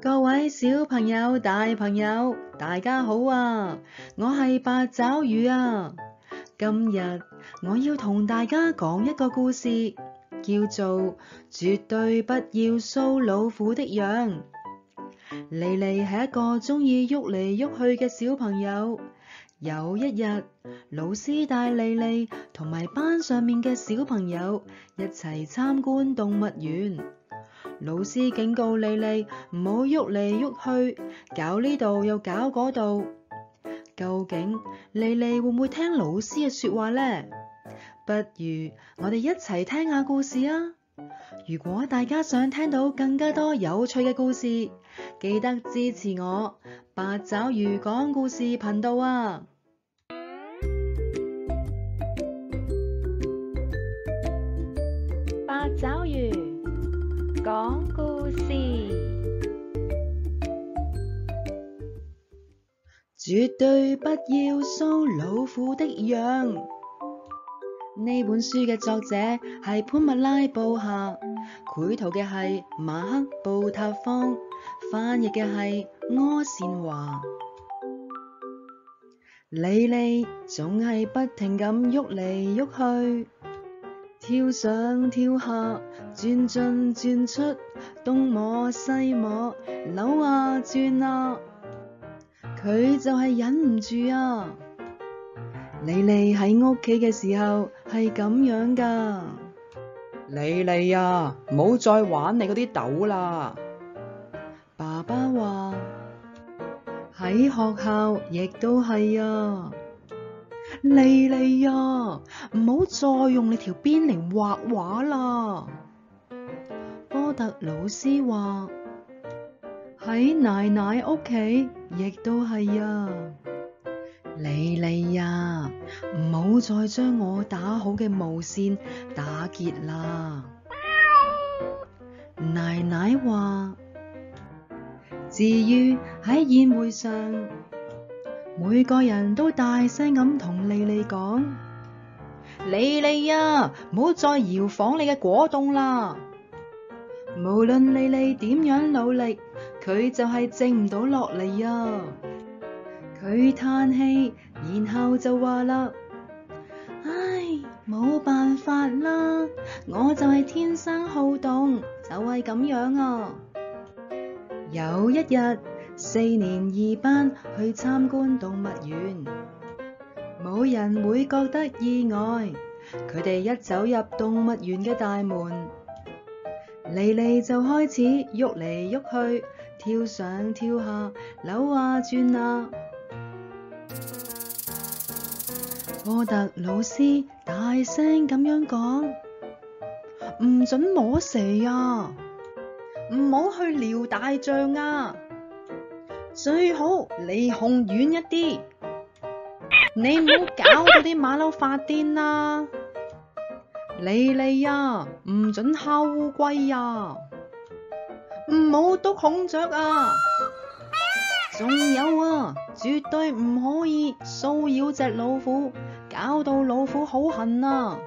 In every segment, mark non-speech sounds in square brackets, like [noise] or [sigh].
各位小朋友、大朋友，大家好啊！我係八爪魚啊！今日我要同大家講一個故事，叫做《絕對不要搔老虎的癢》。莉莉係一個中意喐嚟喐去嘅小朋友。有一日，老師帶莉莉同埋班上面嘅小朋友一齊參觀動物園。老師警告莉莉唔好喐嚟喐去，搞呢度又搞嗰度。究竟莉莉會唔會聽老師嘅說話呢？不如我哋一齊聽下故事啊！如果大家想聽到更加多有趣嘅故事，記得支持我八爪魚講故事頻道啊！絕對不要搔老虎的癢。呢本書嘅作者係潘蜜拉布夏，繪圖嘅係馬克布塔方，翻譯嘅係柯倩華。莉莉總係不停咁喐嚟喐去，跳上跳下，轉進轉出，東摸西摸，扭啊轉啊！佢就係忍唔住啊！莉莉喺屋企嘅時候係咁樣噶。莉莉啊，唔好再玩你嗰啲豆啦。爸爸話，喺學校亦都係啊。莉莉啊，唔好再用你條邊嚟畫畫啦。波特老師話，喺奶奶屋企，亦都係啊，莉莉啊，唔好再將我打好嘅毛線打結啦。喵奶奶話，至於喺宴會上，每個人都大聲咁同莉莉講：莉莉啊，唔好再搖晃你嘅果凍啦。無論莉莉點樣努力。佢就係靜唔到落嚟啊！佢嘆氣，然後就話啦：唉，冇辦法啦，我就係天生好動，就係咁樣啊！有一日，四年二班去參觀動物園，冇人會覺得意外。佢哋一走入動物園嘅大門，嚟嚟就開始喐嚟喐去，跳上跳下，扭啊轉啊！波特老師大聲咁樣講：唔 [noise] 准摸蛇啊，唔好去撩大象啊，最好離熊遠一啲。 [noise] 你唔好搞到嗰啲馬騮發癲啦，啊！莉莉啊，唔准敲烏龜呀，唔好篤孔雀啊，仲有啊，絕對唔可以騷擾隻老虎，搞到老虎好痕啊！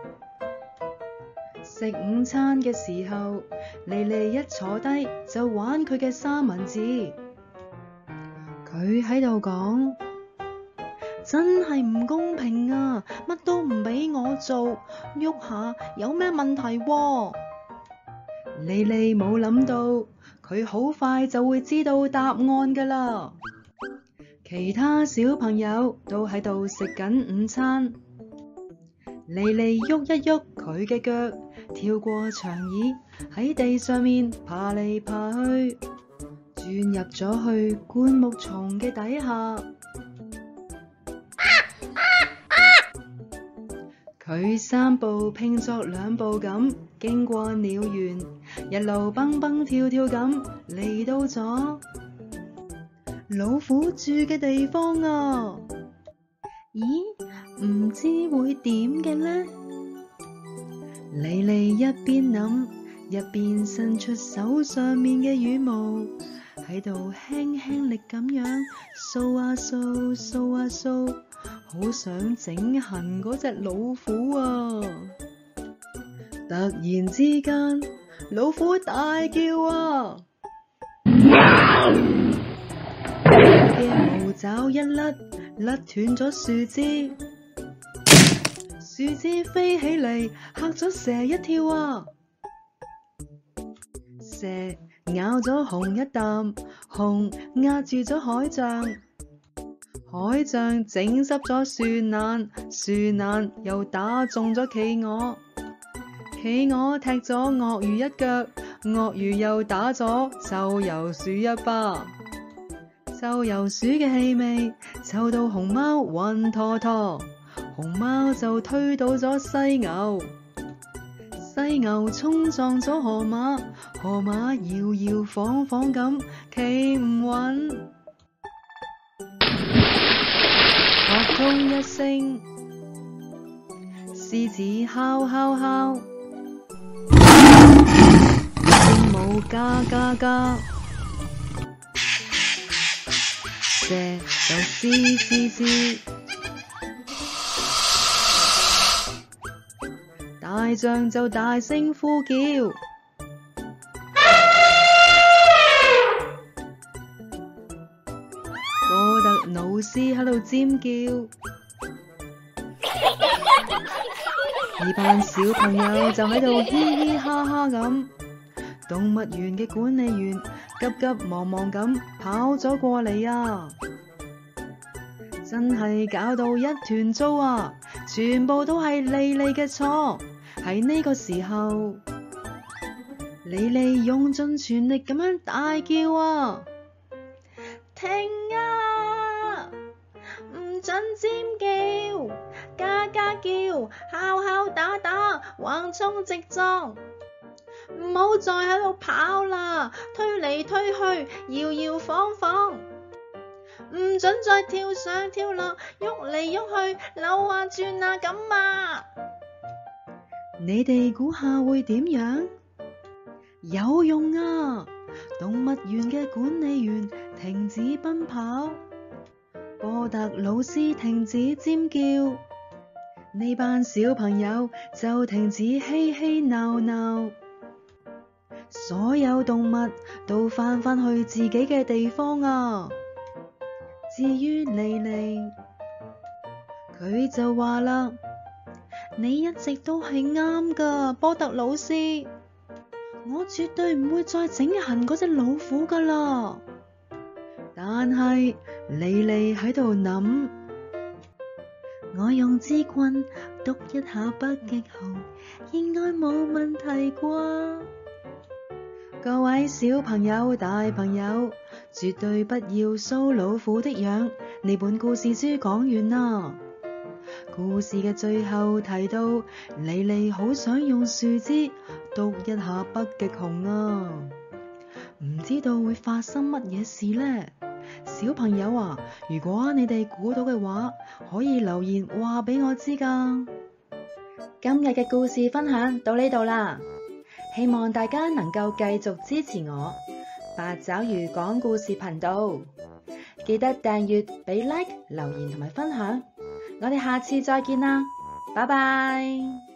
食午餐嘅時候，莉莉一坐低就玩佢嘅三文治，佢喺度講。真係唔公平啊！乜都唔俾我做，喐下有咩問題啊？莉莉冇諗到，佢好快就會知道答案噶啦。其他小朋友都喺度食緊午餐，莉莉喐一喐佢嘅腳，跳過長椅喺地上面爬嚟爬去，鑽入咗去灌木叢嘅底下。佢三步拼作兩步咁經過鳥園，一路蹦蹦跳跳咁嚟到咗老虎住嘅地方啊、哦。咦，唔知會點嘅呢？莉莉一邊諗一邊伸出手上面嘅羽毛喺度輕輕力咁樣掃啊掃掃啊掃。掃好想整痕嗰隻老虎啊！突然之間，老虎大叫啊！隻毛 [laughs] 爪一甩，甩斷咗樹枝，樹枝飛起嚟，嚇咗蛇一跳啊！蛇咬咗熊一啖，熊壓住咗海象。海象整濕咗樹懶，樹懶又打中咗企鵝，企鵝踢咗鱷魚一腳，鱷魚又打咗臭鼬鼠一巴，臭鼬鼠嘅氣味臭到熊貓暈陀陀，熊貓就推倒咗犀牛，犀牛衝撞咗河馬，河馬搖搖晃晃咁企唔穩。撲通一聲，獅子敲敲敲，鸚鵡嘎嘎嘎，蛇就嘶嘶嘶， [laughs] 大象就大聲呼叫。老師喺度尖叫，呢班小朋友就喺度嘻嘻哈哈咁，動物園嘅管理員急急忙忙咁跑咗過嚟啊！真係搞到一團糟啊！全部都係莉莉嘅錯。喺呢個時候，莉莉用盡全力咁樣大叫啊！停啊！不准尖叫，嘎嘎叫，敲敲打打，橫衝直撞，唔好再喺度跑啦！推嚟推去，搖搖晃晃，唔准再跳上跳落，喐嚟喐去，扭啊轉啊咁啊！你哋估下會點樣？有用啊！動物園嘅管理員停止奔跑。波特老師停止尖叫，呢班小朋友就停止嬉嬉鬧鬧，所有動物都翻返去自己嘅地方啊！至於莉莉，佢就話啦：你一直都係啱噶，波特老師，我絕對唔會再整痕嗰隻老虎噶啦！但係，莉莉喺度諗：我用枝棍篤一下北極熊，應該冇問題啩？各位小朋友、大朋友，絕對不要搔老虎的癢！你本故事書講完啦。故事嘅最後提到，莉莉好想用樹枝篤一下北極熊啊，唔知道會發生乜嘢事呢。小朋友啊，如果你哋估到嘅話，可以留言話俾我知㗎。今日嘅故事分享到呢度啦，希望大家能夠繼續支持我八爪魚講故事頻道，記得訂閱、俾 like、留言同埋分享。我哋下次再見啦，拜拜。